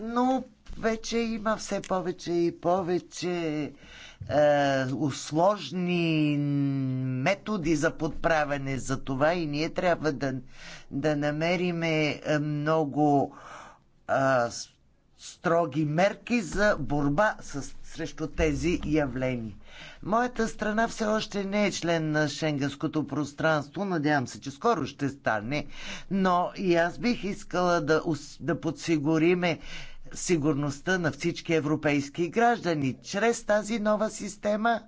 но вече има все повече и повече е, усложни методи за подправяне за това и ние трябва да, да намериме е, много е, строги мерки за борба с, срещу тези явления. Моята страна все още не е член на шенгенското пространство. Надявам се, че скоро ще стане. Но и аз бих искала да, да подсигуриме сигурността на всички европейски граждани чрез тази нова система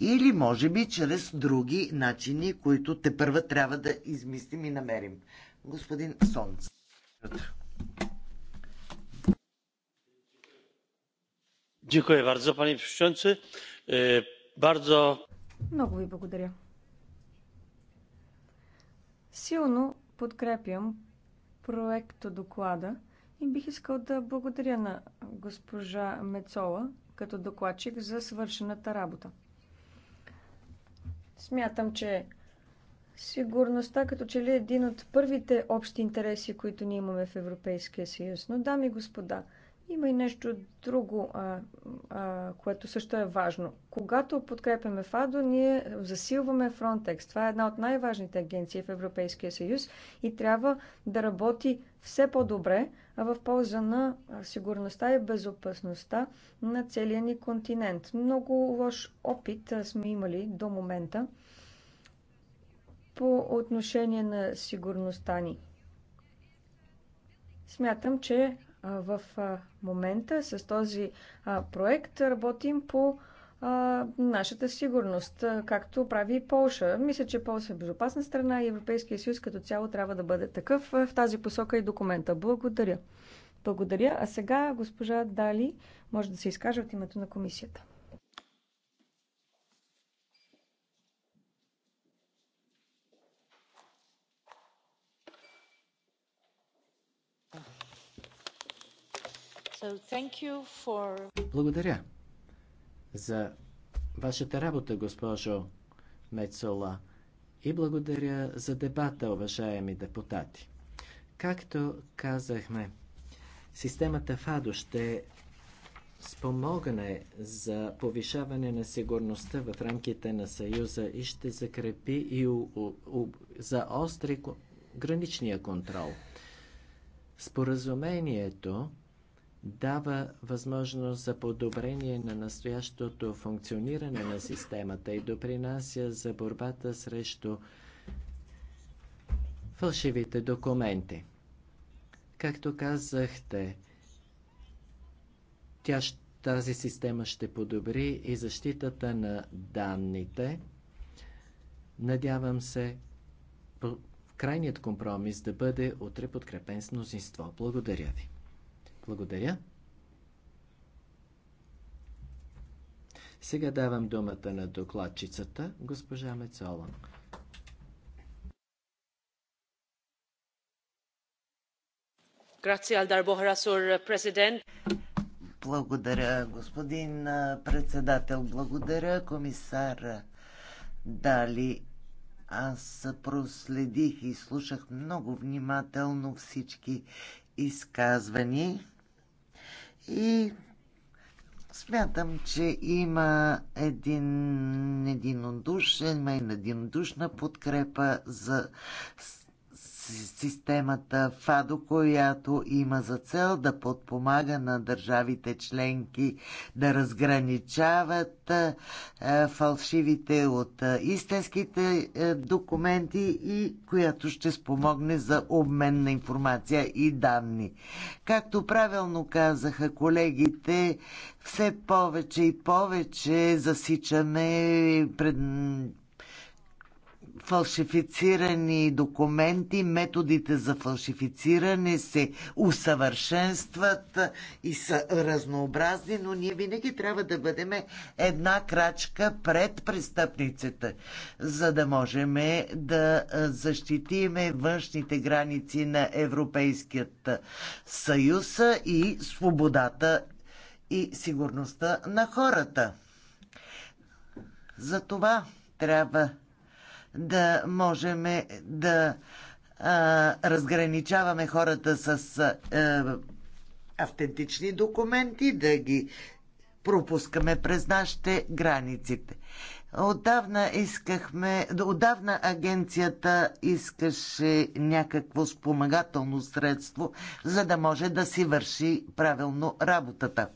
или може би чрез други начини, които те първа трябва да измислим и намерим. Господин Солнце. E, Много ви благодаря. Силно подкрепям проекта доклада и бих искал да благодаря на госпожа Мецола като докладчик за свършената работа. Смятам, че сигурността като че ли е един от първите общи интереси, които ние имаме в Европейския съюз. Но, дами и господа, има и нещо друго, а, а, което също е важно. Когато подкрепяме ФАДО, ние засилваме Frontex. Това е една от най-важните агенции в Европейския съюз и трябва да работи все по-добре в полза на сигурността и безопасността на целия ни континент. Много лош опит сме имали до момента по отношение на сигурността ни. Смятам, че в момента с този проект работим по нашата сигурност, както прави и Полша. Мисля, че Полша е безопасна страна и Европейския съюз като цяло трябва да бъде такъв. В тази посока и документа. Благодаря. Благодаря. А сега госпожа Дали може да се изкаже от името на комисията. Благодаря за вашата работа, госпожо Мецола, и благодаря за дебата, уважаеми депутати. Както казахме, системата ФАДО ще спомогне за повишаване на сигурността в рамките на Съюза и ще закрепи и у, у, у, остри граничния контрол. Споразумението дава възможност за подобрение на настоящото функциониране на системата и допринася за борбата срещу фалшивите документи. Както казахте, тя, тази система ще подобри и защитата на данните. Надявам се крайният компромис да бъде утре подкрепен с мнозинство. Благодаря ви. Благодаря. Сега давам думата на докладчицата, госпожа Мецола. Благодаря, господин председател. Благодаря, комисар Дали. Аз проследих и слушах много внимателно всички изказвани. И смятам, че има един единодушен, има единодушна подкрепа за системата ФАДО, която има за цел да подпомага на държавите членки да разграничават е, фалшивите от е, истинските е, документи и която ще спомогне за обмен на информация и данни. Както правилно казаха колегите, все повече и повече засичаме пред фалшифицирани документи, методите за фалшифициране се усъвършенстват и са разнообразни, но ние винаги трябва да бъдем една крачка пред престъпниците, за да можем да защитиме външните граници на Европейският съюз и свободата и сигурността на хората. Затова трябва да можем е, да а, разграничаваме хората с а, е, автентични документи, да ги пропускаме през нашите границите. Отдавна искахме, отдавна агенцията искаше някакво спомагателно средство, за да може да си върши правилно работата.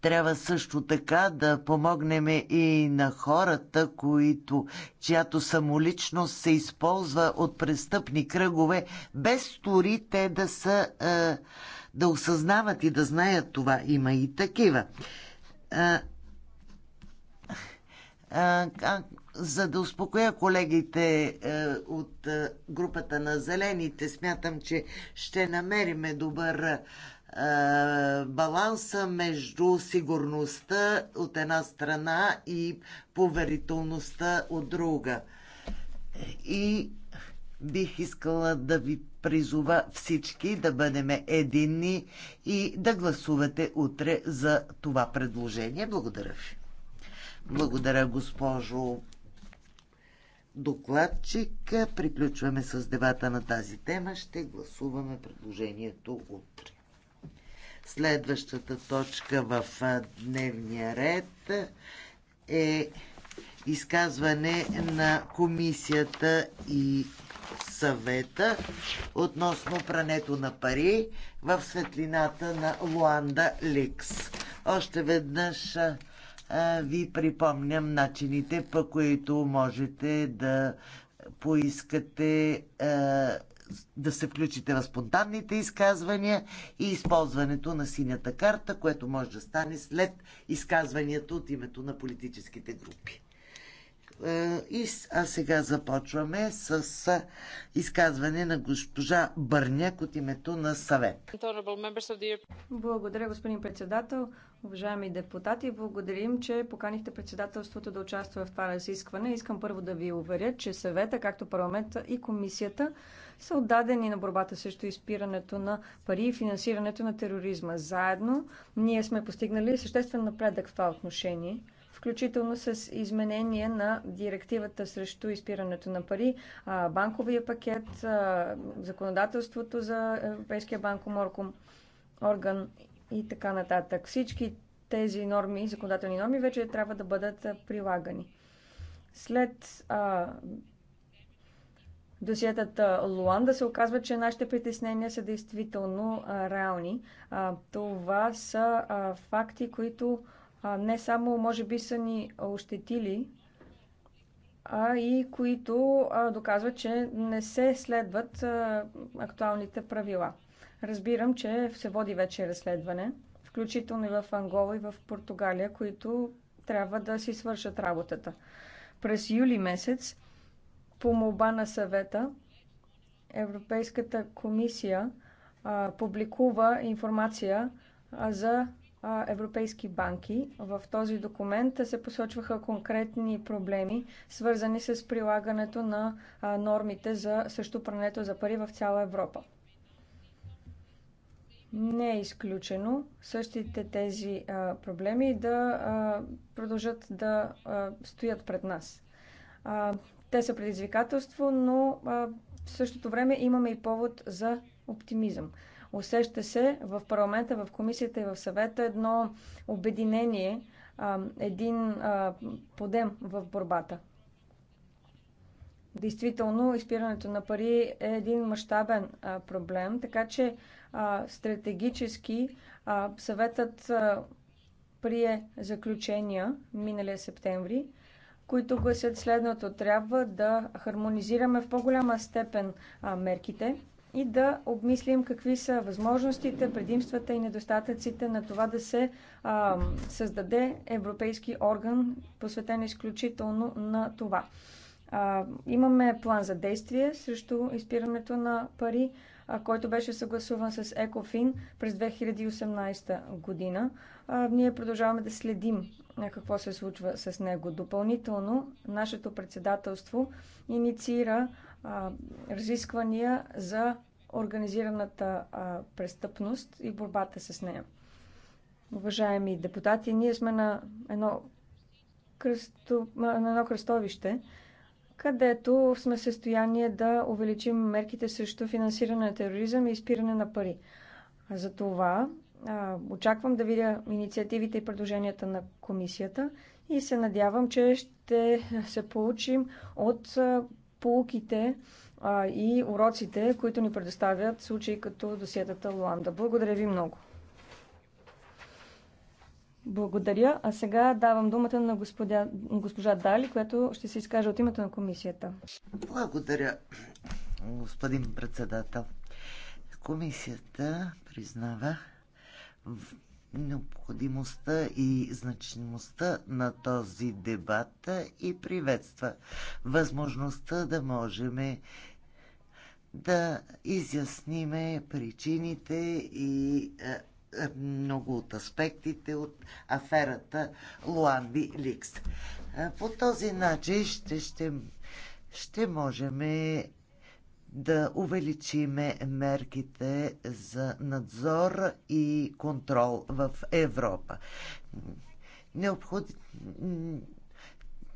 Трябва също така да помогнем и на хората, които, чиято самоличност се използва от престъпни кръгове, без дори те да са да осъзнават и да знаят това. Има и такива. А, а, за да успокоя колегите а, от а, групата на зелените, смятам, че ще намериме добър е, баланса между сигурността от една страна и поверителността от друга. И бих искала да ви призова всички да бъдем единни и да гласувате утре за това предложение. Благодаря ви. Благодаря, госпожо докладчик. Приключваме с дебата на тази тема. Ще гласуваме предложението утре. Следващата точка в дневния ред е изказване на комисията и съвета относно прането на пари в светлината на Луанда Ликс. Още веднъж ви припомням начините, по които можете да поискате да се включите в спонтанните изказвания и използването на синята карта, което може да стане след изказванията от името на политическите групи. Е, и, а сега започваме с изказване на госпожа Бърняк от името на съвет. Благодаря, господин председател. Уважаеми депутати, благодарим, че поканихте председателството да участва в това разискване. Искам първо да ви уверя, че съвета, както парламента и комисията, са отдадени на борбата срещу изпирането на пари и финансирането на тероризма. Заедно ние сме постигнали съществен напредък в това отношение включително с изменение на директивата срещу изпирането на пари, банковия пакет, законодателството за Европейския банкоморком орган и така нататък. Всички тези норми, законодателни норми, вече трябва да бъдат прилагани. След а, досиетата Луанда се оказва, че нашите притеснения са действително а, реални. А, това са а, факти, които а, не само може би са ни ощетили, а и които а, доказват, че не се следват а, актуалните правила. Разбирам, че се води вече разследване, включително и в Ангола и в Португалия, които трябва да си свършат работата. През юли месец по молба на съвета Европейската комисия а, публикува информация а, за а, европейски банки. В този документ се посочваха конкретни проблеми, свързани с прилагането на а, нормите за също прането за пари в цяла Европа. Не е изключено същите тези а, проблеми да а, продължат да а, стоят пред нас. А, те са предизвикателство, но а, в същото време имаме и повод за оптимизъм. Усеща се в парламента, в комисията и в съвета едно обединение, а, един а, подем в борбата. Действително, изпирането на пари е един мащабен проблем, така че а, стратегически а, съветът а, прие заключения миналия септември – които гласят следното. Трябва да хармонизираме в по-голяма степен мерките и да обмислим какви са възможностите, предимствата и недостатъците на това да се а, създаде европейски орган, посветен изключително на това. А, имаме план за действие срещу изпирането на пари който беше съгласуван с ЕКОФИН през 2018 година. Ние продължаваме да следим какво се случва с него. Допълнително, нашето председателство инициира разисквания за организираната престъпност и борбата с нея. Уважаеми депутати, ние сме на едно, кръсто, на едно кръстовище – където сме в състояние да увеличим мерките срещу финансиране на тероризъм и изпиране на пари. За а, очаквам да видя инициативите и предложенията на комисията и се надявам, че ще се получим от полуките и уроците, които ни предоставят случаи като досиетата Луанда. Благодаря ви много. Благодаря. А сега давам думата на господя, госпожа Дали, която ще се изкаже от името на комисията. Благодаря, господин председател. Комисията признава необходимостта и значимостта на този дебат и приветства възможността да можем да изясниме причините и е, е, много от аспектите от аферата Луанби Ликс. Е, по този начин ще, ще, ще можем да увеличиме мерките за надзор и контрол в Европа.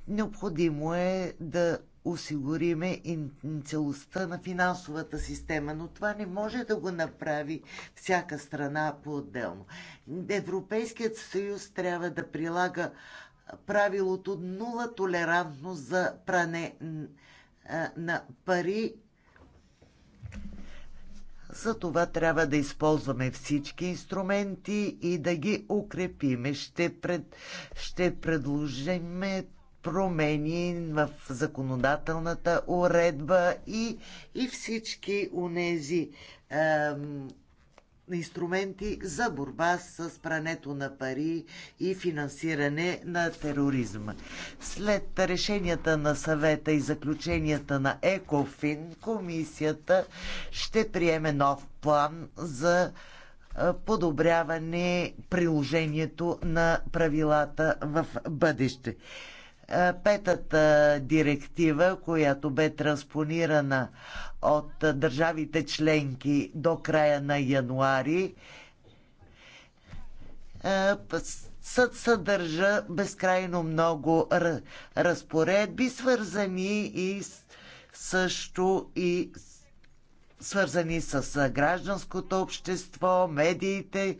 Необходимо е да осигуриме целостта на финансовата система, но това не може да го направи всяка страна по-отделно. Европейският съюз трябва да прилага правилото нула толерантност за пране на пари. За това трябва да използваме всички инструменти и да ги укрепиме. Ще, пред, ще предложиме промени в законодателната уредба и, и всички унези е, инструменти за борба с прането на пари и финансиране на тероризма. След решенията на съвета и заключенията на ЕКОФИН, комисията ще приеме нов план за подобряване приложението на правилата в бъдеще петата директива, която бе транспонирана от държавите членки до края на януари, е, съд съдържа безкрайно много разпоредби, свързани и също и свързани с гражданското общество, медиите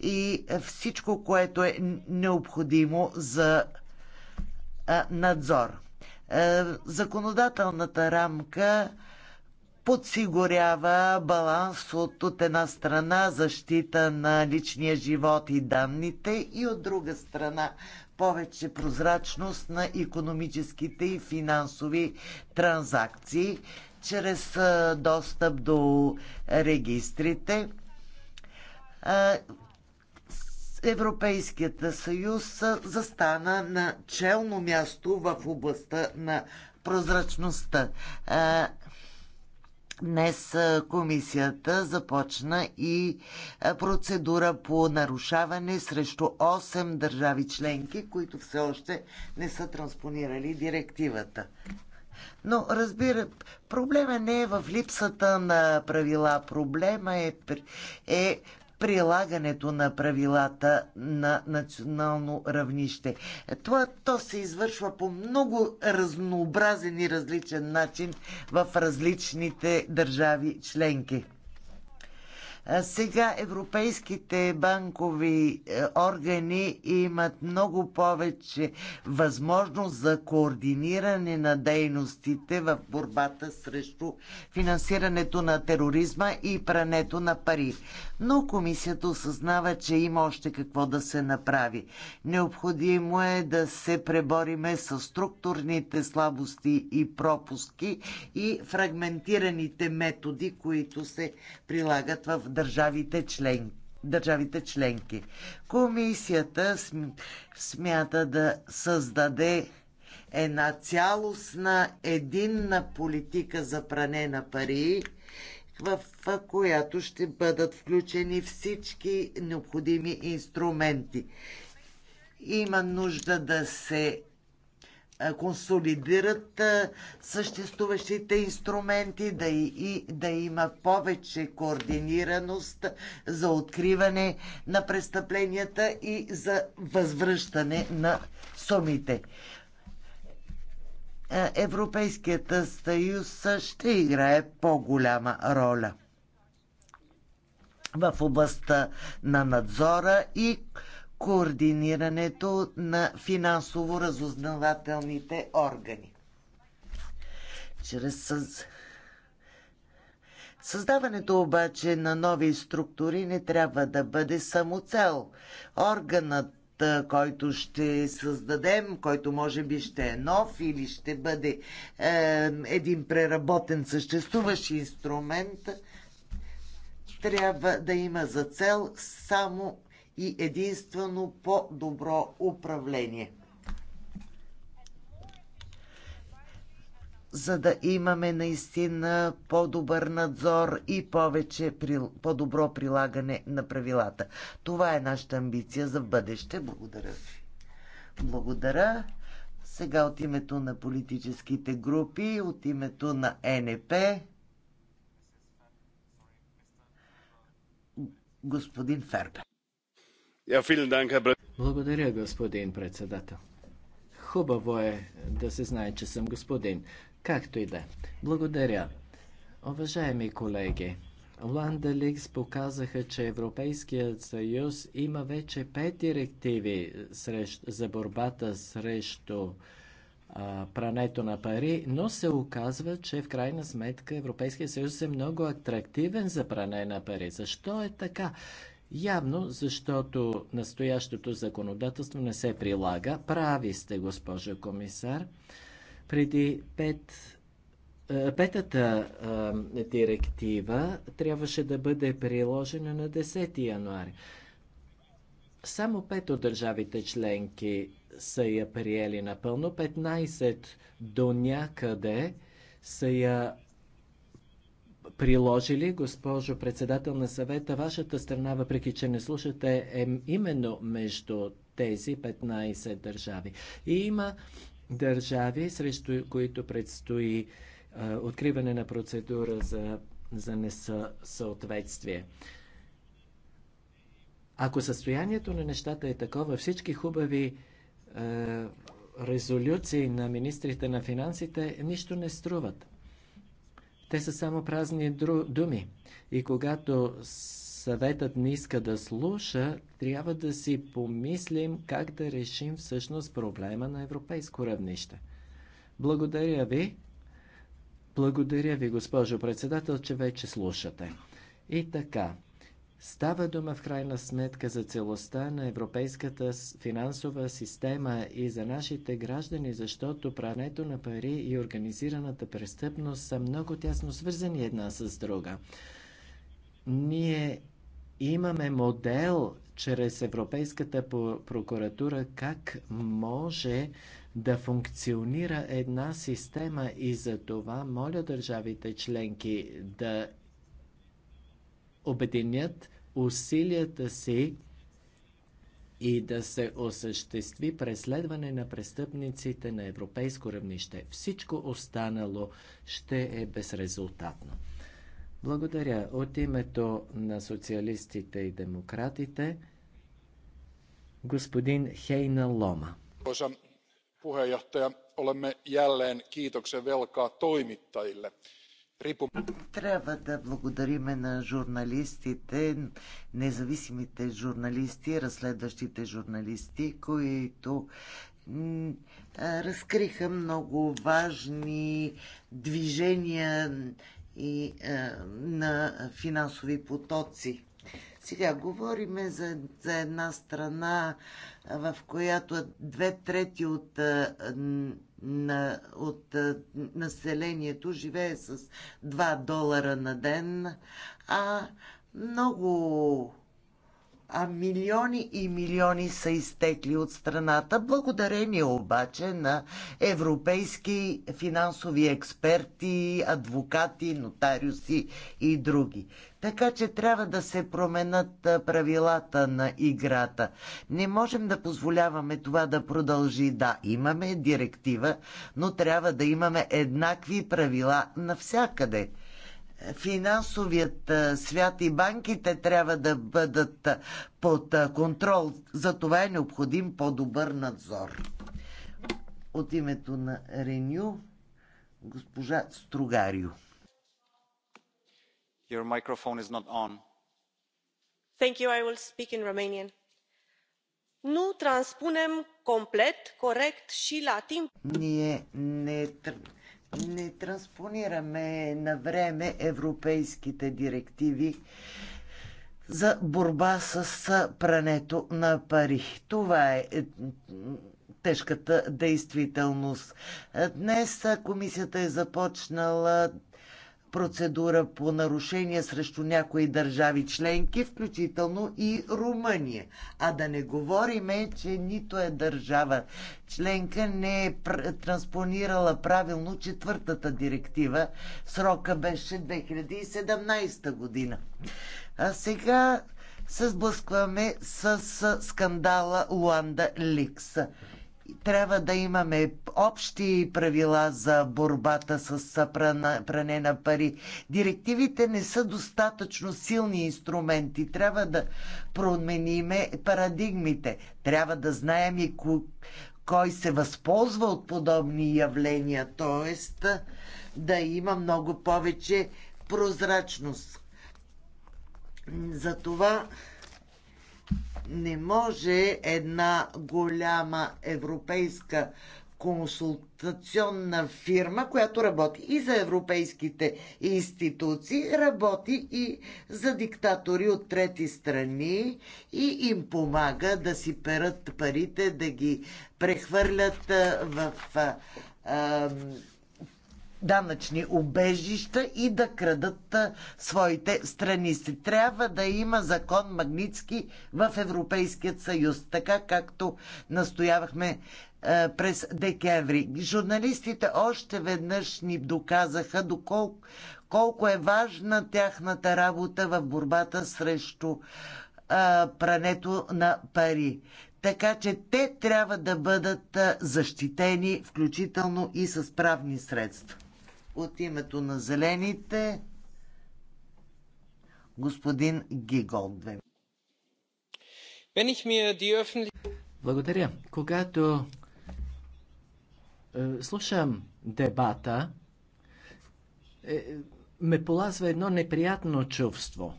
и всичко, което е необходимо за надзор. Законодателната рамка подсигурява баланс от, от една страна защита на личния живот и данните и от друга страна повече прозрачност на економическите и финансови транзакции чрез достъп до регистрите Европейският съюз застана на челно място в областта на прозрачността. Е, днес е, комисията започна и е, процедура по нарушаване срещу 8 държави членки, които все още не са транспонирали директивата. Но разбира, проблема не е в липсата на правила. Проблема е, е прилагането на правилата на национално равнище. Това то се извършва по много разнообразен и различен начин в различните държави членки. Сега европейските банкови е, органи имат много повече възможност за координиране на дейностите в борбата срещу финансирането на тероризма и прането на пари но комисията осъзнава, че има още какво да се направи. Необходимо е да се пребориме с структурните слабости и пропуски и фрагментираните методи, които се прилагат в държавите членки държавите членки. Комисията смята да създаде една цялостна единна политика за пране на пари в която ще бъдат включени всички необходими инструменти. Има нужда да се консолидират съществуващите инструменти, да, и, да има повече координираност за откриване на престъпленията и за възвръщане на сумите. Европейският съюз ще играе по-голяма роля в областта на надзора и координирането на финансово-разузнавателните органи. Чрез съз... Създаването обаче на нови структури не трябва да бъде само цел. Органът който ще създадем, който може би ще е нов или ще бъде е, един преработен съществуващ инструмент, трябва да има за цел само и единствено по-добро управление. за да имаме наистина по-добър надзор и повече по-добро прилагане на правилата. Това е нашата амбиция за бъдеще. Благодаря ви. Благодаря. Сега от името на политическите групи, от името на НП, господин Фербер. Благодаря, господин председател. Хубаво е да се знае, че съм господин. Както и да. Е. Благодаря. Уважаеми колеги, Ландаликс показаха, че Европейският съюз има вече пет директиви срещ, за борбата срещу а, прането на пари, но се оказва, че в крайна сметка Европейския съюз е много атрактивен за пране на пари. Защо е така? Явно, защото настоящото законодателство не се прилага. Прави сте, госпожо комисар. Преди пет е, Петата а, е, директива трябваше да бъде приложена на 10 януари. Само пет от държавите членки са я приели напълно, 15 до някъде са я приложили. Госпожо председател на съвета, вашата страна, въпреки че не слушате, е именно между тези 15 държави. И има държави, срещу които предстои а, откриване на процедура за, за несъответствие. Ако състоянието на нещата е такова, всички хубави а, резолюции на министрите на финансите нищо не струват. Те са само празни думи. И когато съветът не иска да слуша, трябва да си помислим как да решим всъщност проблема на европейско равнище. Благодаря ви. Благодаря ви, госпожо председател, че вече слушате. И така, става дума в крайна сметка за целостта на европейската финансова система и за нашите граждани, защото прането на пари и организираната престъпност са много тясно свързани една с друга. Ние Имаме модел чрез Европейската прокуратура как може да функционира една система и за това моля държавите членки да обединят усилията си и да се осъществи преследване на престъпниците на европейско равнище. Всичко останало ще е безрезултатно. Благодаря. От името на социалистите и демократите, господин Хейна Лома. Arvoisa puheenjohtaja, olemme jälleen kiitoksen velkaa toimittajille. Трябва да благодариме на журналистите, независимите журналисти, разследващите журналисти, които разкриха много важни движения и е, на финансови потоци. Сега говориме за, за една страна, в която две трети от, е, на, от е, населението живее с 2 долара на ден, а много а милиони и милиони са изтекли от страната, благодарение обаче на европейски финансови експерти, адвокати, нотариуси и други. Така че трябва да се променят правилата на играта. Не можем да позволяваме това да продължи. Да, имаме директива, но трябва да имаме еднакви правила навсякъде – финансовият свят и банките трябва да бъдат под контрол. За това е необходим по-добър надзор. От името на Реню, госпожа Стругарио. Your microphone is not on. Thank you. I will speak in Romanian. Nu transpunem complet, corect și la timp. Ние не не транспонираме на време европейските директиви за борба с прането на пари. Това е, е тежката действителност. Днес комисията е започнала процедура по нарушение срещу някои държави членки, включително и Румъния. А да не говориме, че нито е държава членка не е транспонирала правилно четвъртата директива. Срока беше 2017 година. А сега се сблъскваме с скандала Луанда Ликс трябва да имаме общи правила за борбата с пране на пари. Директивите не са достатъчно силни инструменти. Трябва да промениме парадигмите. Трябва да знаем и кой се възползва от подобни явления, т.е. да има много повече прозрачност. Затова не може една голяма европейска консултационна фирма, която работи и за европейските институции, работи и за диктатори от трети страни и им помага да си перат парите, да ги прехвърлят в а, данъчни убежища и да крадат своите страници. Трябва да има закон Магницки в Европейският съюз, така както настоявахме през декември. Журналистите още веднъж ни доказаха доколко колко е важна тяхната работа в борбата срещу а, прането на пари. Така че те трябва да бъдат защитени, включително и с правни средства. От името на зелените, господин Гигол. Благодаря. Когато е, слушам дебата, е, ме полазва едно неприятно чувство.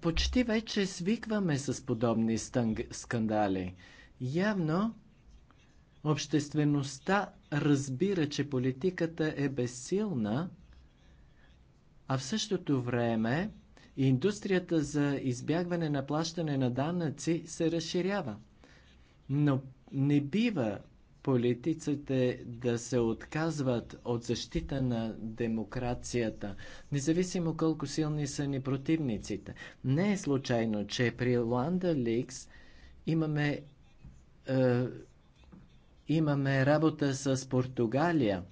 Почти вече свикваме с подобни скандали. Явно Обществеността разбира, че политиката е безсилна, а в същото време индустрията за избягване на плащане на данъци се разширява. Но не бива политиците да се отказват от защита на демокрацията, независимо колко силни са ни противниците. Не е случайно, че при Луанда Ликс имаме е, имаме работа с Португалия.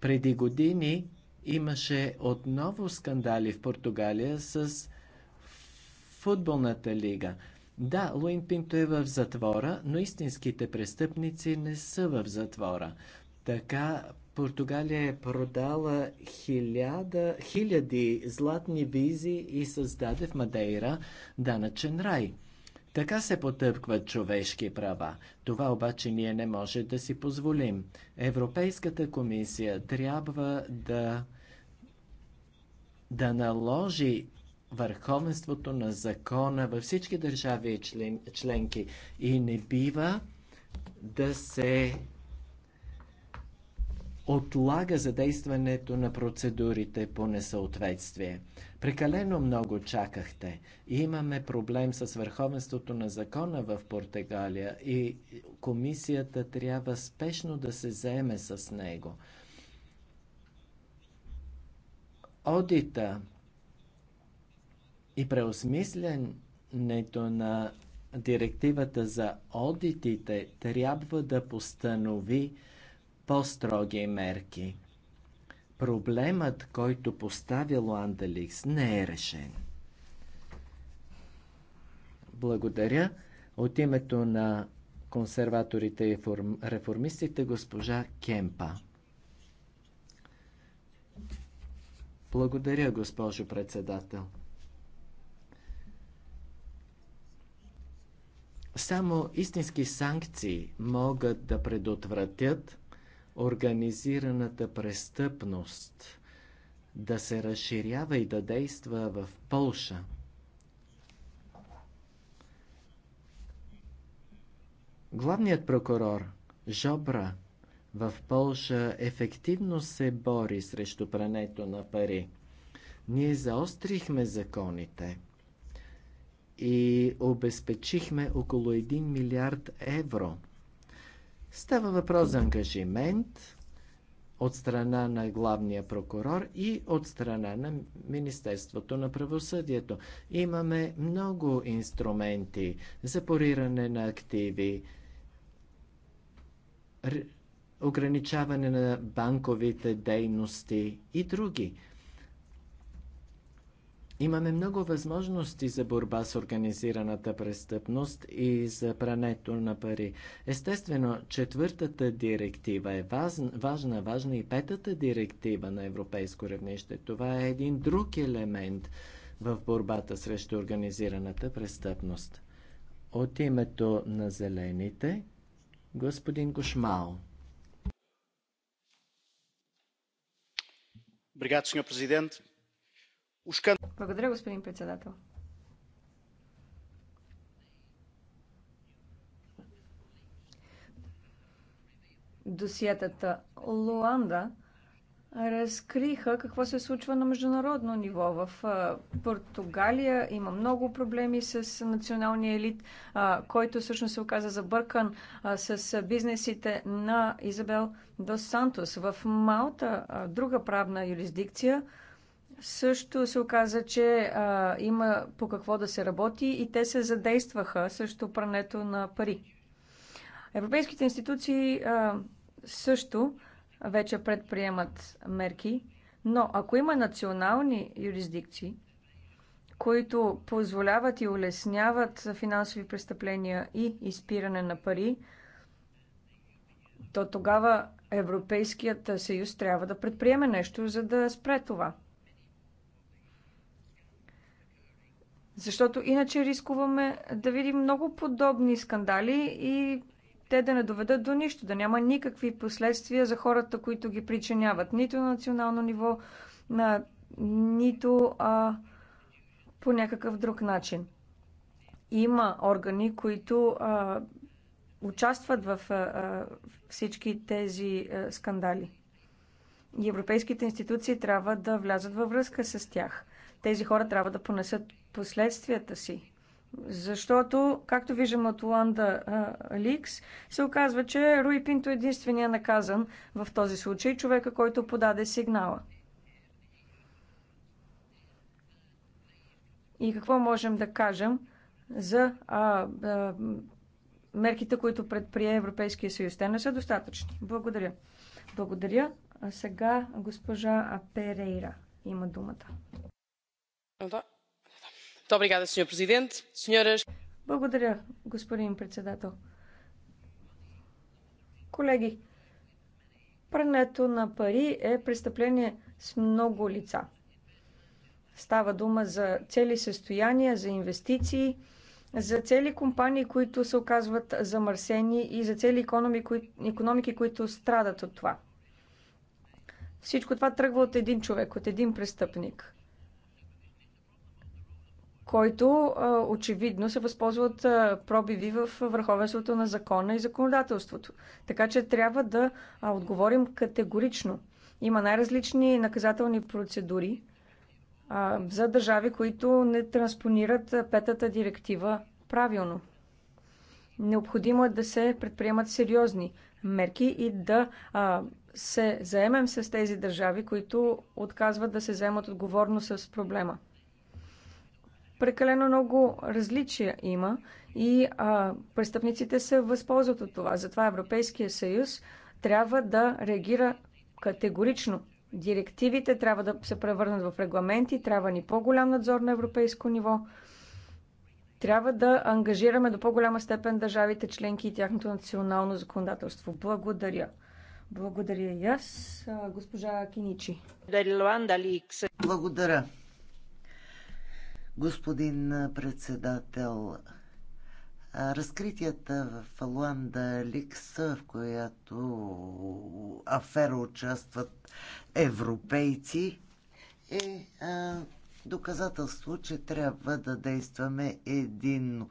Преди години имаше отново скандали в Португалия с футболната лига. Да, Луин Пинто е в затвора, но истинските престъпници не са в затвора. Така Португалия е продала хиляда, хиляди златни визи и създаде в Мадейра данъчен рай. Така се потъпкват човешки права. Това обаче ние не може да си позволим. Европейската комисия трябва да, да наложи върховенството на закона във всички държави член, членки и не бива да се отлага задействането на процедурите по несъответствие. Прекалено много чакахте. Имаме проблем с върховенството на закона в Португалия и комисията трябва спешно да се заеме с него. Одита и преосмисленето на директивата за одитите трябва да постанови по-строги мерки. Проблемът, който поставя Луанда не е решен. Благодаря. От името на консерваторите и реформистите госпожа Кемпа. Благодаря, госпожо председател. Само истински санкции могат да предотвратят организираната престъпност да се разширява и да действа в Полша. Главният прокурор Жобра в Полша ефективно се бори срещу прането на пари. Ние заострихме законите и обезпечихме около 1 милиард евро – Става въпрос за ангажимент от страна на главния прокурор и от страна на Министерството на правосъдието. Имаме много инструменти за пориране на активи, ограничаване на банковите дейности и други. Имаме много възможности за борба с организираната престъпност и за прането на пари. Естествено, четвъртата директива е важна, важна и петата директива на европейско равнище. Това е един друг елемент в борбата срещу организираната престъпност. От името на зелените, господин Кошмал. Благодаря, президент. Благодаря, господин председател. Досиетата Луанда разкриха какво се случва на международно ниво. В Португалия има много проблеми с националния елит, който всъщност се оказа забъркан с бизнесите на Изабел Дос Сантос. В Малта, друга правна юрисдикция, също се оказа, че а, има по какво да се работи и те се задействаха също прането на пари. Европейските институции а, също вече предприемат мерки, но ако има национални юрисдикции, които позволяват и улесняват финансови престъпления и изпиране на пари, то тогава Европейският съюз трябва да предприеме нещо, за да спре това. Защото иначе рискуваме да видим много подобни скандали и те да не доведат до нищо, да няма никакви последствия за хората, които ги причиняват. Нито на национално ниво, на, нито а, по някакъв друг начин. Има органи, които а, участват в а, всички тези а, скандали. И европейските институции трябва да влязат във връзка с тях. Тези хора трябва да понесат последствията си. Защото, както виждам от Ланда Ликс, се оказва, че Руи Пинто е единствения наказан в този случай, човека, който подаде сигнала. И какво можем да кажем за а, а, мерките, които предприе Европейския съюз? Те не са достатъчни. Благодаря. Благодаря. А сега госпожа Перейра има думата. Да. Благодаря, господин председател. Колеги, прането на пари е престъпление с много лица. Става дума за цели състояния, за инвестиции, за цели компании, които се оказват замърсени и за цели економики, които страдат от това. Всичко това тръгва от един човек, от един престъпник който очевидно се възползва от пробиви в върховенството на закона и законодателството. Така че трябва да отговорим категорично. Има най-различни наказателни процедури за държави, които не транспонират петата директива правилно. Необходимо е да се предприемат сериозни мерки и да а, се заемем с тези държави, които отказват да се заемат отговорно с проблема. Прекалено много различия има и а, престъпниците се възползват от това. Затова Европейския съюз трябва да реагира категорично. Директивите трябва да се превърнат в регламенти, трябва ни по-голям надзор на европейско ниво. Трябва да ангажираме до по-голяма степен държавите членки и тяхното национално законодателство. Благодаря. Благодаря и аз, госпожа Киничи. Благодаря господин председател. Разкритията в Луанда Ликс, в която афера участват европейци, е доказателство, че трябва да действаме единно.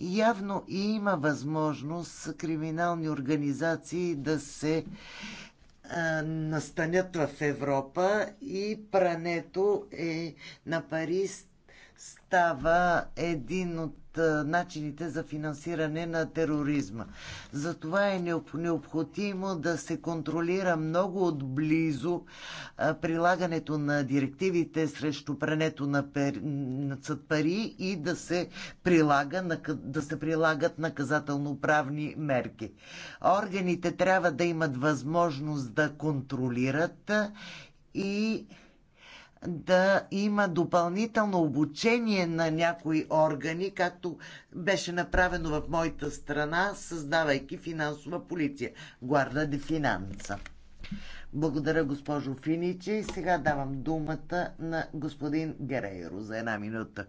Явно и има възможност криминални организации да се настанят в Европа и прането е на Париз става един от начините за финансиране на тероризма. Затова е необходимо да се контролира много отблизо прилагането на директивите срещу прането на пари и да се, прилага, да се прилагат наказателно-правни мерки. Органите трябва да имат възможност да контролират и да има допълнително обучение на някои органи, както беше направено в моята страна, създавайки финансова полиция. Гуарда де финанса. Благодаря, госпожо Финичи. Сега давам думата на господин Герейро за една минута.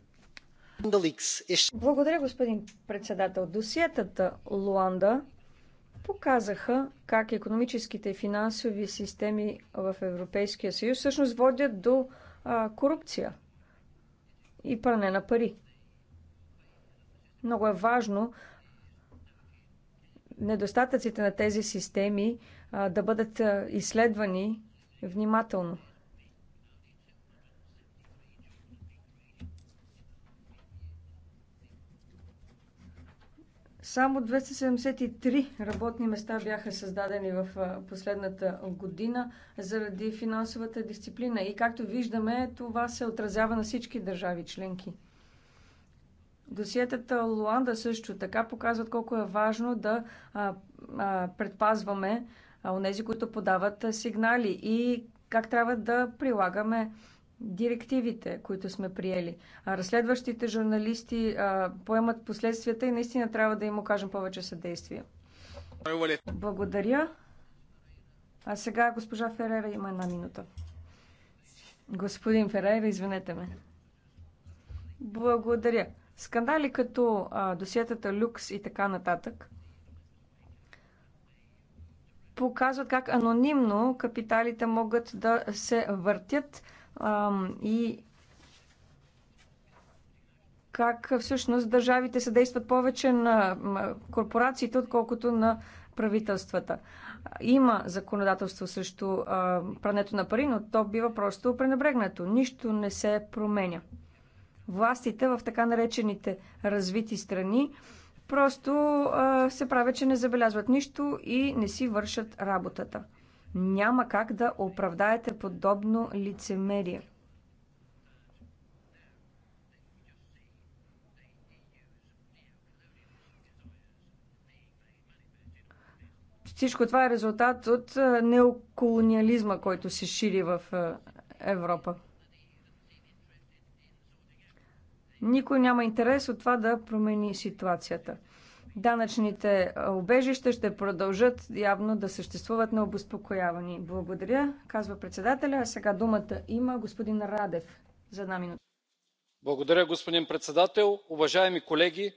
Благодаря, господин председател. Досиетата Луанда показаха как економическите и финансови системи в Европейския съюз всъщност водят до а, корупция и пране на пари. Много е важно недостатъците на тези системи а, да бъдат изследвани внимателно. Само 273 работни места бяха създадени в последната година заради финансовата дисциплина. И както виждаме, това се отразява на всички държави членки. Досиетата Луанда също така показват колко е важно да а, а, предпазваме онези, които подават сигнали и как трябва да прилагаме директивите, които сме приели. А разследващите журналисти а, поемат последствията и наистина трябва да им окажем повече съдействие. Благодаря. А сега госпожа Ферера има една минута. Господин Ферера, извинете ме. Благодаря. Скандали като а, досиетата Люкс и така нататък показват как анонимно капиталите могат да се въртят и как всъщност държавите се действат повече на корпорациите, отколкото на правителствата. Има законодателство срещу прането на пари, но то бива просто пренебрегнато. Нищо не се променя. Властите в така наречените развити страни просто се правят, че не забелязват нищо и не си вършат работата. Няма как да оправдаете подобно лицемерие. Всичко това е резултат от е, неоколониализма, който се шири в е, Европа. Никой няма интерес от това да промени ситуацията. Данъчните обежища ще продължат явно да съществуват на обезпокоявани. Благодаря, казва председателя. А сега думата има господин Радев за една минута. Благодаря, господин председател. Уважаеми колеги,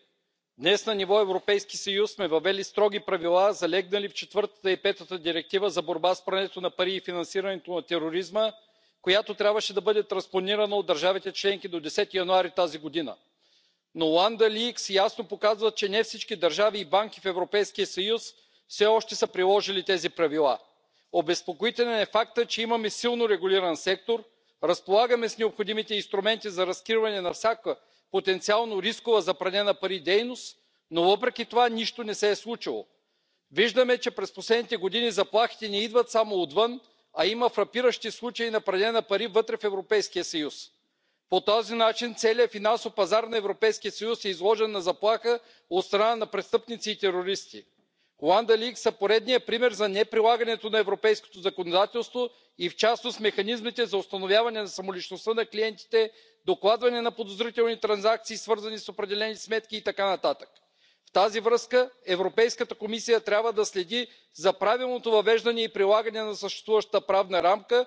днес на ниво европейски съюз сме въвели строги правила залегнали в четвъртата и петата директива за борба с прането на пари и финансирането на тероризма която трябваше да бъде транспонирана от държавите членки до 10 януари тази година но Ликс ясно показва че не всички държави и банки в европейския съюз все още са приложили тези правила. обезпокоителен е фактът че имаме силно регулиран сектор разполагаме с необходимите инструменти за разкриване на всяка потенциално рискова за пране на пари дейност но въпреки това нищо не се е случило. виждаме че през последните години заплахите не идват само отвън а има фрапиращи случаи на пране на пари вътре в европейския съюз по този начин целият финансов пазар на европейския съюз е изложен на заплаха от страна на престъпници и терористи. ландълийкс са поредният пример за неприлагането на европейското законодателство и в частност механизмите за установяване на самоличността на клиентите докладване на подозрителни транзакции свързани с определени сметки и така нататък. в тази връзка европейската комисия трябва да следи за правилното въвеждане и прилагане на съществуващата правна рамка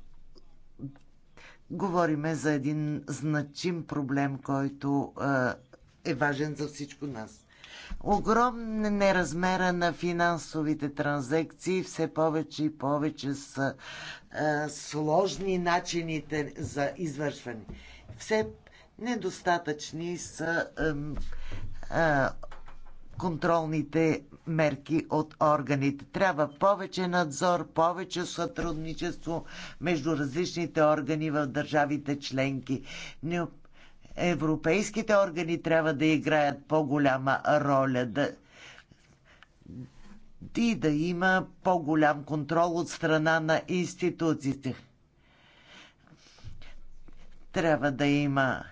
говориме за един значим проблем, който е важен за всичко нас. Огромен е размера на финансовите транзакции, все повече и повече са е, сложни начините за извършване. Все недостатъчни са е, е, контролните мерки от органите. Трябва повече надзор, повече сътрудничество между различните органи в държавите членки. Европейските органи трябва да играят по-голяма роля, да, и да има по-голям контрол от страна на институциите. Трябва да има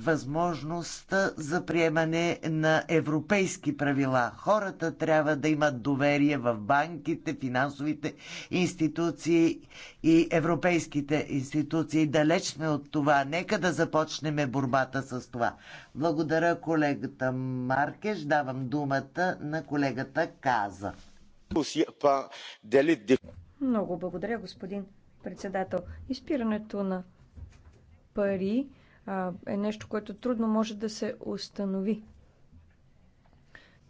Възможността за приемане на европейски правила. Хората трябва да имат доверие в банките, финансовите институции и европейските институции. Далеч сме от това. Нека да започнем борбата с това. Благодаря колегата Маркеш. Давам думата на колегата Каза. Много благодаря, господин председател. Изпирането на пари е нещо, което трудно може да се установи.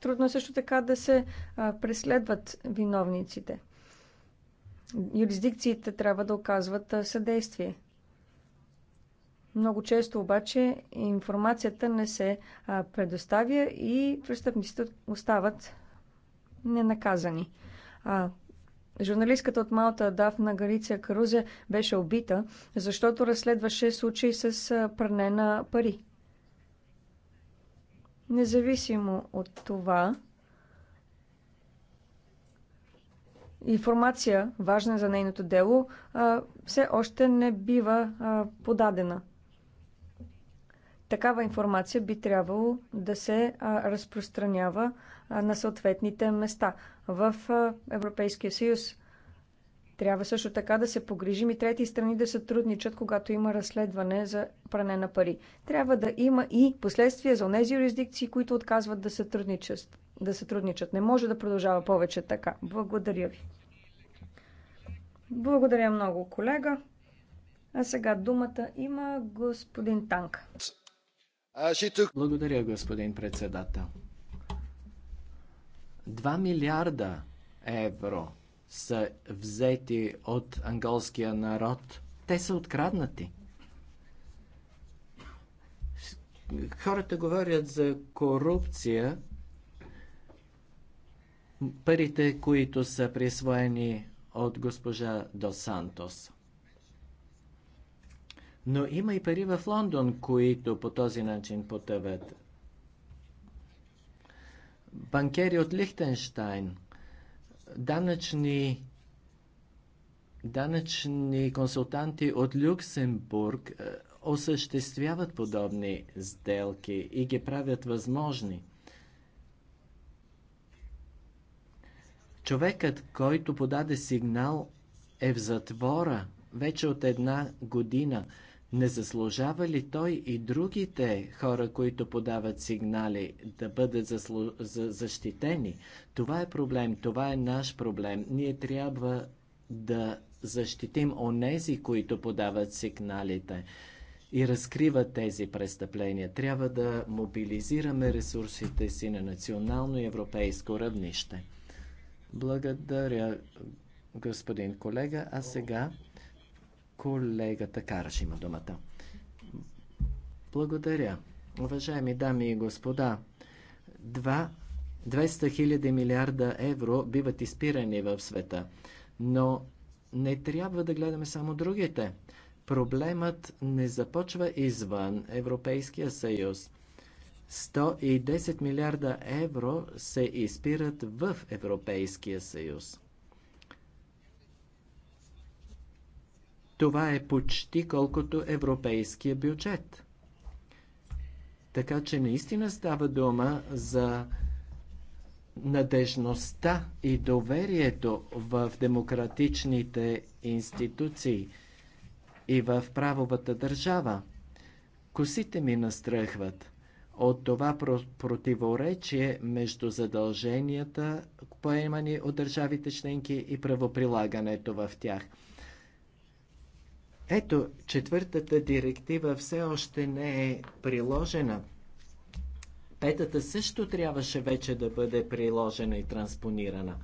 Трудно е също така да се преследват виновниците. Юрисдикциите трябва да оказват съдействие. Много често обаче информацията не се предоставя и престъпниците остават ненаказани. Журналистката от Малта Дафна Галиция Карузе беше убита, защото разследваше случаи с пране на пари. Независимо от това, информация, важна за нейното дело, все още не бива подадена. Такава информация би трябвало да се разпространява на съответните места. В Европейския съюз трябва също така да се погрижим и трети страни да сътрудничат, когато има разследване за пране на пари. Трябва да има и последствия за тези юрисдикции, които отказват да сътрудничат. Да сътрудничат. Не може да продължава повече така. Благодаря ви. Благодаря много, колега. А сега думата има господин Танк. Благодаря, господин председател. 2 милиарда евро са взети от анголския народ. Те са откраднати. Хората говорят за корупция. Парите, които са присвоени от госпожа До Сантос. Но има и пари в Лондон, които по този начин потъват банкери от Лихтенштайн, данъчни, данъчни консултанти от Люксембург е, осъществяват подобни сделки и ги правят възможни. Човекът, който подаде сигнал, е в затвора вече от една година – не заслужава ли той и другите хора, които подават сигнали, да бъдат заслу... за... защитени? Това е проблем, това е наш проблем. Ние трябва да защитим онези, които подават сигналите и разкриват тези престъпления. Трябва да мобилизираме ресурсите си на национално и европейско равнище. Благодаря, господин колега. А сега Колегата Караш има думата. Благодаря. Уважаеми дами и господа, 200 000 милиарда евро биват изпирани в света, но не трябва да гледаме само другите. Проблемът не започва извън Европейския съюз. 110 милиарда евро се изпират в Европейския съюз. Това е почти колкото европейския бюджет. Така че наистина става дума за надежността и доверието в демократичните институции и в правовата държава. Косите ми настръхват от това противоречие между задълженията, поемани от държавите членки и правоприлагането в тях – ето, четвъртата директива все още не е приложена. Петата също трябваше вече да бъде приложена и транспонирана.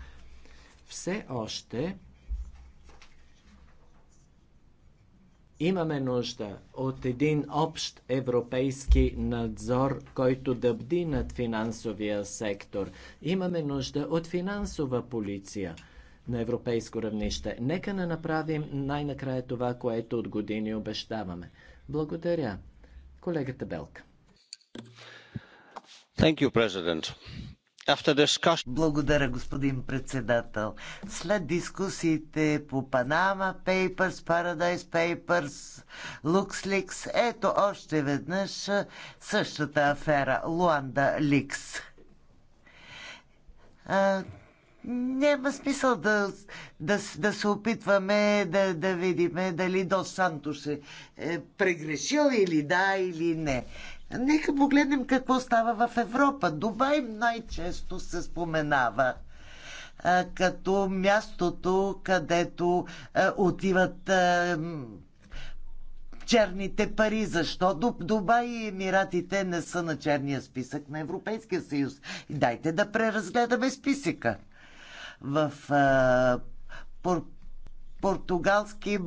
Все още имаме нужда от един общ европейски надзор, който да бди над финансовия сектор. Имаме нужда от финансова полиция – на европейско равнище. Нека не направим най-накрая това, което от години обещаваме. Благодаря. Колегата Белка. Thank you, President. Благодаря, господин председател. След дискусиите по Панама, Papers, Paradise Papers, LuxLeaks, ето още веднъж същата афера Луанда Ликс няма смисъл да, да, да се опитваме да, да видим дали Дос Санто се е прегрешил или да, или не. Нека погледнем какво става в Европа. Дубай най-често се споменава а, като мястото, където а, отиват а, черните пари. Защо Дубай и Емиратите не са на черния списък на Европейския съюз? Дайте да преразгледаме списъка в пор, португалски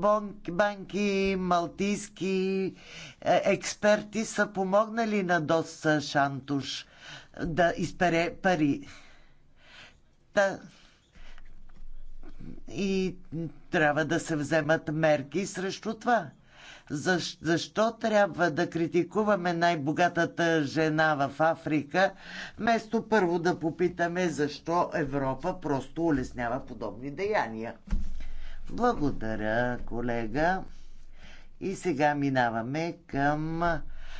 банки, малтийски е, експерти са помогнали на Дос Шантуш да изпере пари. Та, и трябва да се вземат мерки срещу това. Защо, защо трябва да критикуваме най-богатата жена в Африка, вместо първо да попитаме защо Европа просто улеснява подобни деяния? Благодаря, колега. И сега минаваме към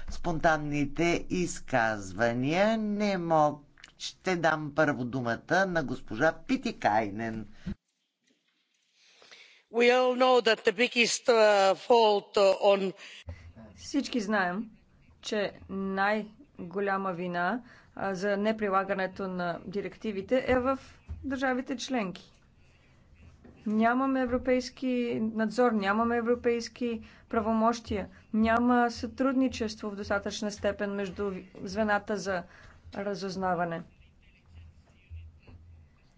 спонтанните изказвания. Не мог. Ще дам първо думата на госпожа Питикайнен. Uh, uh, Всички знаем, че най-голяма вина за неприлагането на директивите е в държавите членки. Нямаме европейски надзор, нямаме европейски правомощия, няма сътрудничество в достатъчна степен между звената за разузнаване.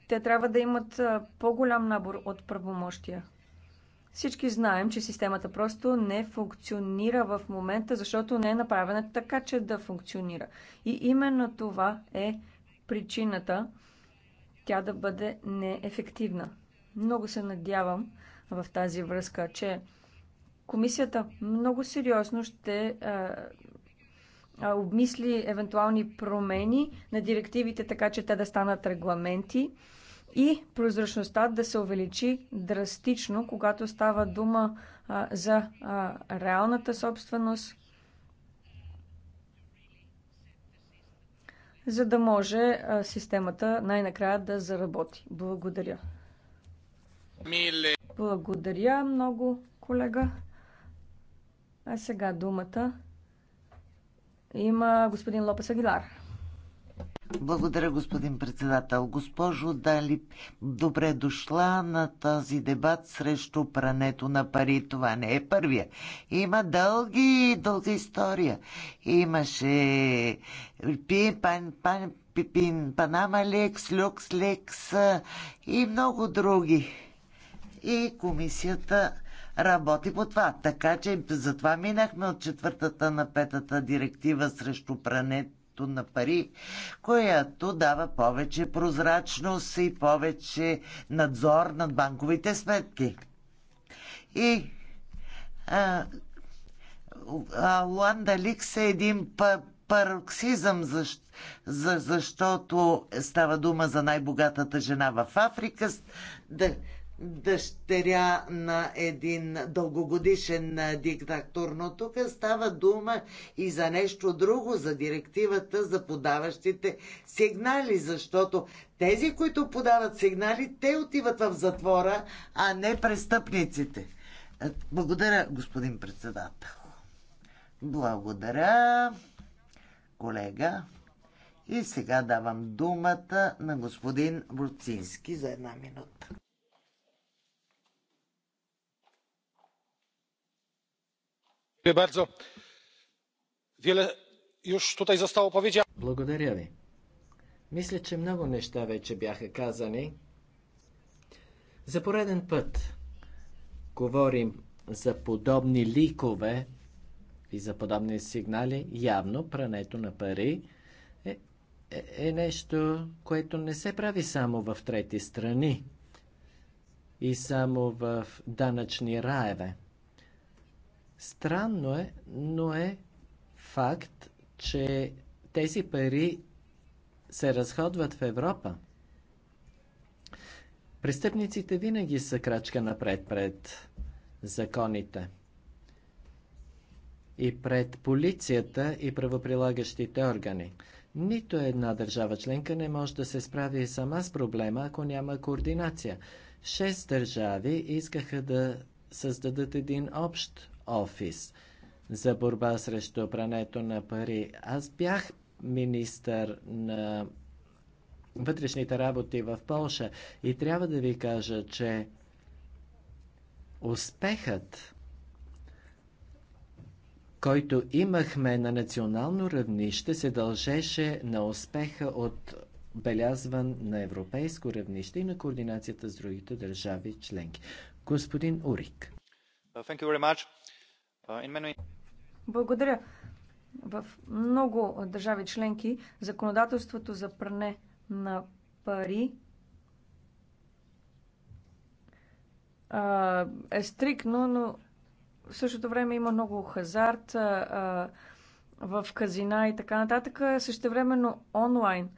Те трябва да имат по-голям набор от правомощия. Всички знаем, че системата просто не функционира в момента, защото не е направена така, че да функционира. И именно това е причината тя да бъде неефективна. Много се надявам в тази връзка, че комисията много сериозно ще а, а, обмисли евентуални промени на директивите, така че те да станат регламенти и прозрачността да се увеличи драстично, когато става дума а, за а, реалната собственост, за да може а, системата най-накрая да заработи. Благодаря. Миле. Благодаря много, колега. А сега думата има господин Лопес Агилар. Благодаря, господин председател. Госпожо Дали, добре дошла на този дебат срещу прането на пари. Това не е първия. Има дълги, дълга история. Имаше пин, пан, пан, пин, Панама Лекс, Люкс Лекс и много други. И комисията работи по това. Така че затова минахме от четвъртата на петата директива срещу прането прането на пари, която дава повече прозрачност и повече надзор над банковите сметки. И а, а Луанда Ликс е един пароксизъм, защ, за, защото става дума за най-богатата жена в Африка. Да, дъщеря на един дългогодишен диктатор. Но тук става дума и за нещо друго, за директивата за подаващите сигнали, защото тези, които подават сигнали, те отиват в затвора, а не престъпниците. Е, благодаря, господин председател. Благодаря, колега. И сега давам думата на господин Бруцински за една минута. Благодаря ви. Мисля, че много неща вече бяха казани. За пореден път говорим за подобни ликове и за подобни сигнали. Явно прането на пари е, е, е нещо, което не се прави само в трети страни и само в данъчни раеве. Странно е, но е факт, че тези пари се разходват в Европа. Престъпниците винаги са крачка напред пред законите и пред полицията и правоприлагащите органи. Нито една държава членка не може да се справи сама с проблема, ако няма координация. Шест държави искаха да създадат един общ офис за борба срещу прането на пари. Аз бях министър на вътрешните работи в Польша и трябва да ви кажа, че успехът, който имахме на национално равнище, се дължеше на успеха от белязван на европейско равнище и на координацията с другите държави членки. Господин Урик. Thank you very much. Благодаря. В много държави членки законодателството за пране на пари е стрикно, но в същото време има много хазарт в казина и така нататък. Същевременно онлайн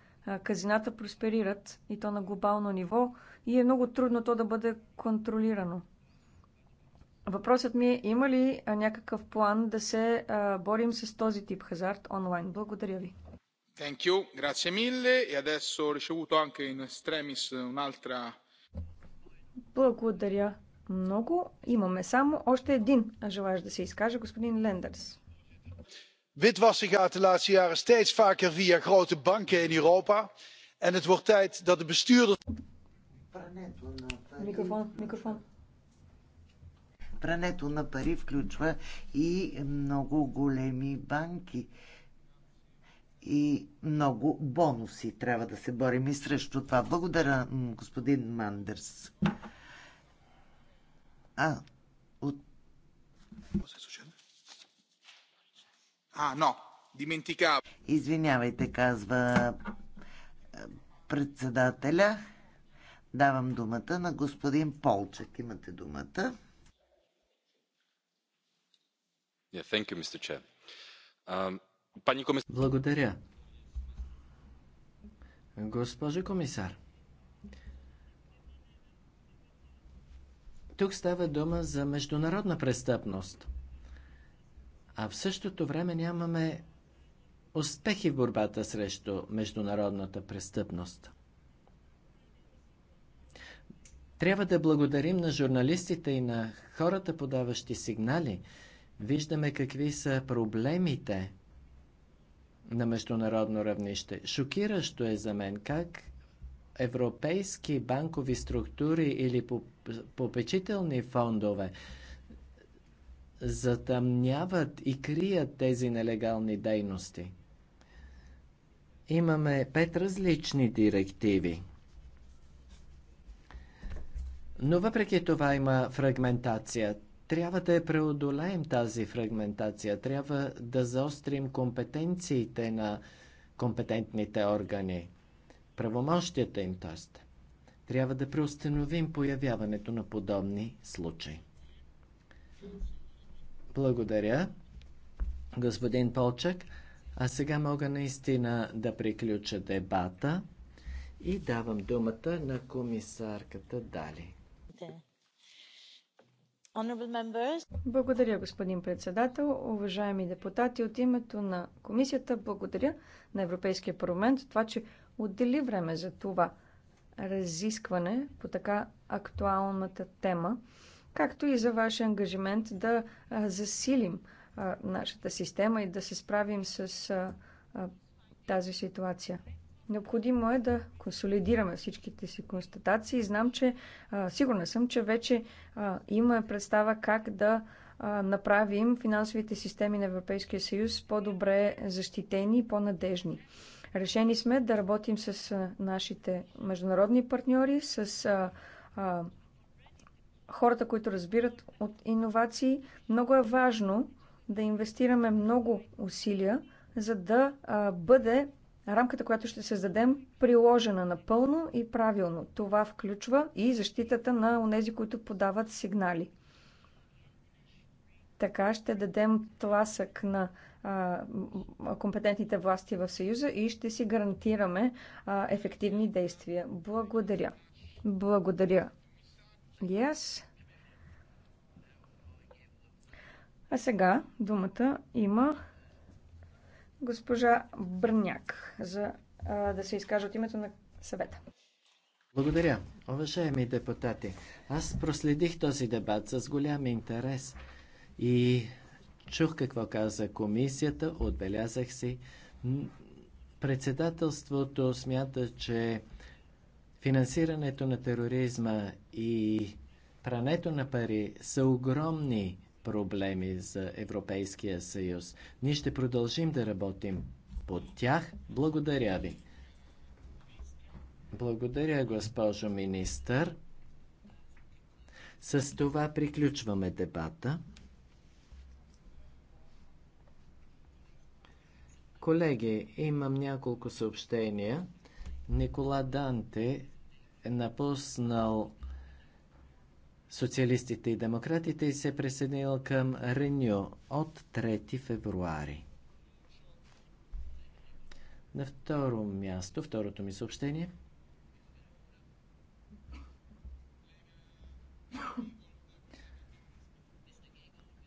казината просперират и то на глобално ниво и е много трудно то да бъде контролирано. Въпросът ми е, има ли някакъв план да се борим с този тип хазарт онлайн? Благодаря ви. Thank you, grazie mille. E adesso ho ricevuto anche in extremis un'altra... Благодаря много. Имаме само още един желаящ да се изкаже, господин Лендърс. Witwassen gaat de laatste jaren steeds vaker via grote banken in Europa. En het wordt tijd dat de bestuurders. Микрофон, микрофон прането на пари включва и много големи банки и много бонуси. Трябва да се борим и срещу това. Благодаря, господин Мандърс. А, от... А, но, dimenticav. Извинявайте, казва е, председателя. Давам думата на господин Полчек. Имате думата. Um, Благодаря. Госпожо комисар, тук става дума за международна престъпност, а в същото време нямаме успехи в борбата срещу международната престъпност. Трябва да благодарим на журналистите и на хората, подаващи сигнали – Виждаме какви са проблемите на международно равнище. Шокиращо е за мен как европейски банкови структури или попечителни фондове затъмняват и крият тези нелегални дейности. Имаме пет различни директиви. Но въпреки това има фрагментация. Трябва да преодолеем тази фрагментация, трябва да заострим компетенциите на компетентните органи, правомощията им т.е. Трябва да преустановим появяването на подобни случаи. Благодаря, господин Полчак. А сега мога наистина да приключа дебата и давам думата на комисарката Дали. Благодаря, господин председател. Уважаеми депутати, от името на комисията благодаря на Европейския парламент това, че отдели време за това разискване по така актуалната тема, както и за вашия ангажимент да засилим нашата система и да се справим с тази ситуация. Необходимо е да консолидираме всичките си констатации. Знам, че а, сигурна съм, че вече а, има представа как да а, направим финансовите системи на Европейския съюз по-добре защитени и по-надежни. Решени сме да работим с а, нашите международни партньори, с а, а, хората, които разбират от иновации. Много е важно да инвестираме много усилия, за да а, бъде рамката, която ще се задем, приложена напълно и правилно. Това включва и защитата на онези, които подават сигнали. Така ще дадем тласък на а, компетентните власти в Съюза и ще си гарантираме а, ефективни действия. Благодаря. Благодаря. Yes. А сега думата има госпожа Бърняк за а, да се изкаже от името на съвета. Благодаря. Уважаеми депутати, аз проследих този дебат с голям интерес и чух какво каза комисията, отбелязах си. Председателството смята, че финансирането на тероризма и прането на пари са огромни проблеми за Европейския съюз. Ние ще продължим да работим по тях. Благодаря ви. Благодаря, госпожо министър. С това приключваме дебата. Колеги, имам няколко съобщения. Никола Данте е напуснал социалистите и демократите и се е присъединил към Реню от 3 февруари. На второ място, второто ми съобщение.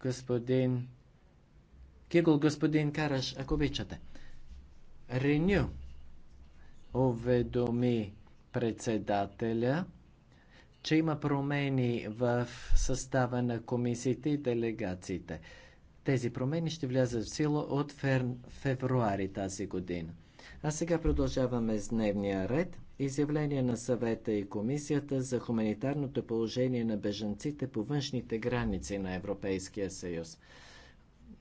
Господин Кигол, господин Караш, ако обичате. Реню уведоми председателя че има промени в състава на комисиите и делегациите. Тези промени ще влязат в сила от февруари тази година. А сега продължаваме с дневния ред. Изявление на съвета и комисията за хуманитарното положение на бежанците по външните граници на Европейския съюз.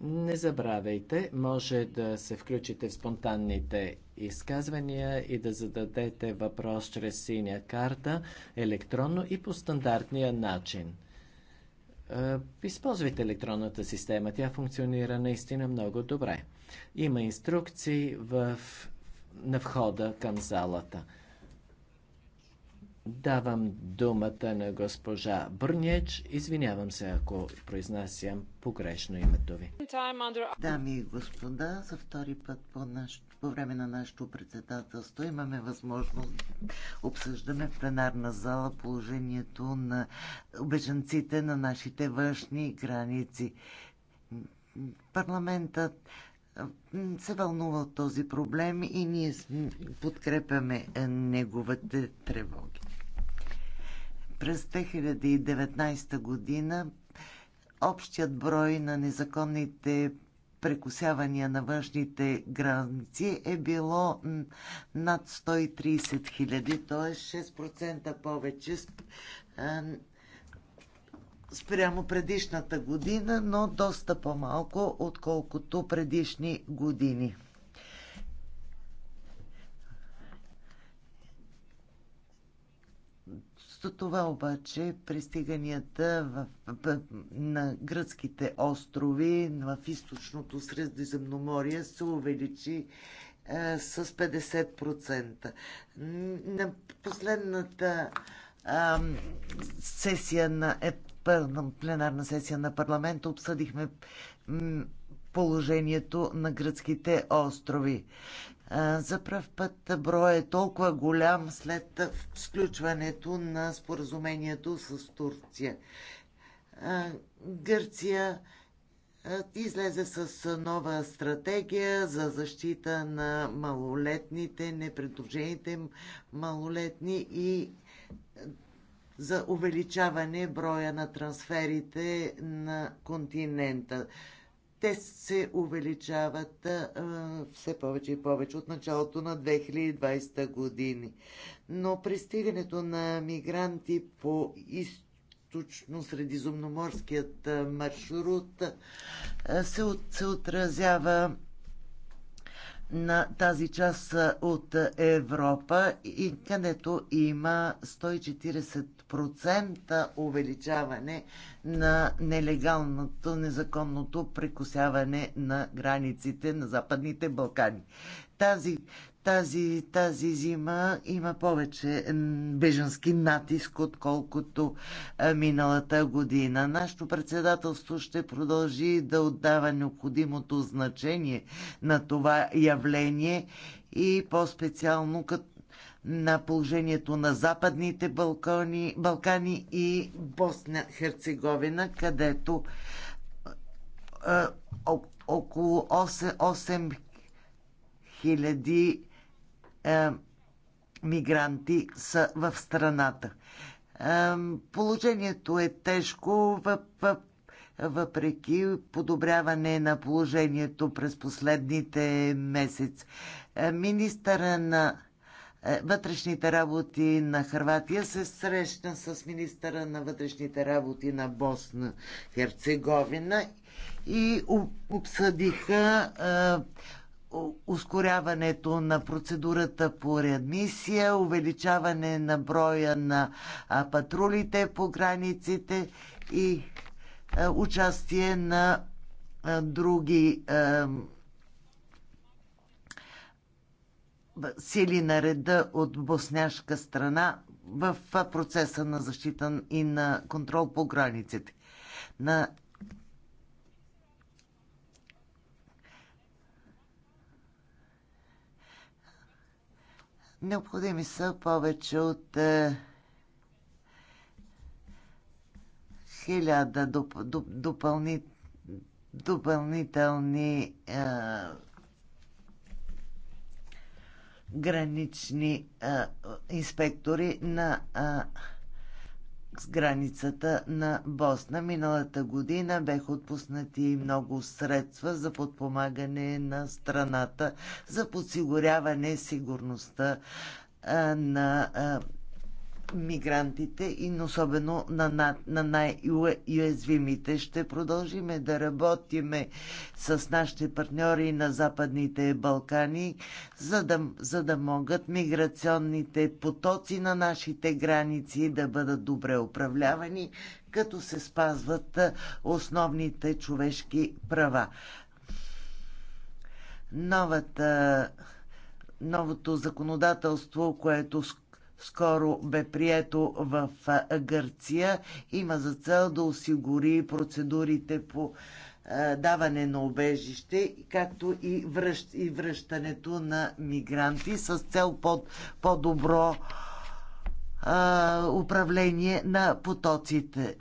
Не забравяйте, може да се включите в спонтанните изказвания и да зададете въпрос чрез синя карта, електронно и по стандартния начин. Е, използвайте електронната система, тя функционира наистина много добре. Има инструкции в, на входа към залата. Давам думата на госпожа Бърнеч. Извинявам се, ако произнасям погрешно името ви. Дами и господа, за втори път по, наш... по време на нашето председателство имаме възможност да обсъждаме в пленарна зала положението на беженците на нашите външни граници. Парламентът се вълнува от този проблем и ние подкрепяме е, неговите тревоги. През 2019 година общият брой на незаконните прекусявания на външните граници е било над 130 хиляди, т.е. 6% повече спрямо предишната година, но доста по-малко, отколкото предишни години. Вместо това обаче е пристиганията в, в, на гръцките острови в източното Средиземноморие се увеличи е, с 50%. На последната е, сесия на, е, пленарна сесия на парламента обсъдихме положението на гръцките острови. За пръв път броя е толкова голям след сключването на споразумението с Турция. Гърция излезе с нова стратегия за защита на малолетните, непредложените малолетни и за увеличаване броя на трансферите на континента те се увеличават а, все повече и повече от началото на 2020 години. Но пристигането на мигранти по източно-средиземноморският маршрут а, се, от, се отразява на тази част от Европа, и където има 140% увеличаване на нелегалното, незаконното прекусяване на границите на Западните Балкани. Тази, тази, тази зима има повече беженски натиск, отколкото миналата година. Нашето председателство ще продължи да отдава необходимото значение на това явление и по-специално на положението на Западните Балкани, Балкани и Босна-Херцеговина, където е, около 8, 8 хиляди е, мигранти са в страната. Е, положението е тежко, въпреки подобряване на положението през последните месец. Е, министъра на вътрешните работи на Харватия се срещна с министъра на вътрешните работи на Босна Херцеговина и обсъдиха ускоряването на процедурата по реадмисия, увеличаване на броя на патрулите по границите и е, участие на е, други е, сили на реда от босняшка страна в процеса на защита и на контрол по границите. На Необходими са повече от е, хиляда доп, доп, допълни, допълнителни е, гранични е, инспектори на е, с границата на Босна. Миналата година беха отпуснати много средства за подпомагане на страната за подсигуряване сигурността на мигрантите и особено на, на, на най-уязвимите. Ще продължиме да работиме с нашите партньори на Западните Балкани, за да, за да могат миграционните потоци на нашите граници да бъдат добре управлявани, като се спазват основните човешки права. Новата новото законодателство, което скоро бе прието в Гърция, има за цел да осигури процедурите по даване на обежище, както и, връщ, и връщането на мигранти с цел под, по-добро управление на потоците.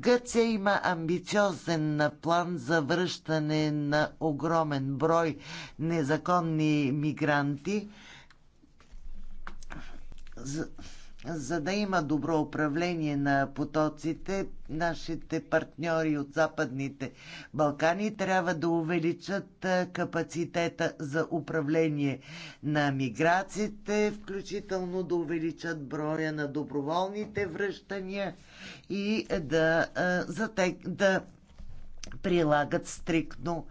Гърция има амбициозен план за връщане на огромен брой незаконни мигранти – за, за да има добро управление на потоците, нашите партньори от Западните Балкани трябва да увеличат капацитета за управление на миграциите, включително да увеличат броя на доброволните връщания и да, те, да прилагат стриктно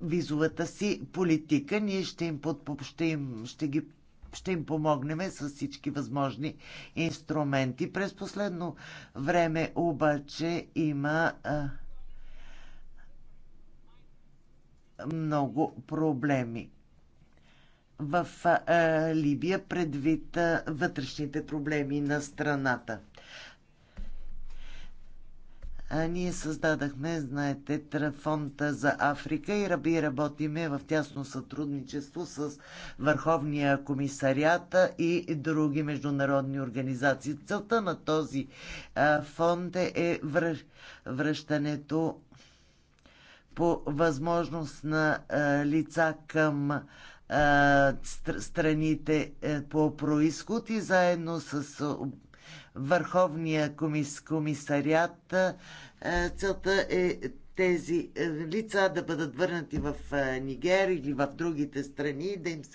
визовата си политика. Ние ще им, ще им ще ги ще им помогнем с всички възможни инструменти. През последно време обаче има а, много проблеми в а, Либия предвид а, вътрешните проблеми на страната ние създадахме, знаете, фонда за Африка и раби работиме в тясно сътрудничество с Върховния комисариат и други международни организации. Целта на този фонд е връщането по възможност на лица към страните е, по происход и заедно с Върховния комис, комисариат. Целта е тези лица да бъдат върнати в Нигер или в другите страни, да им се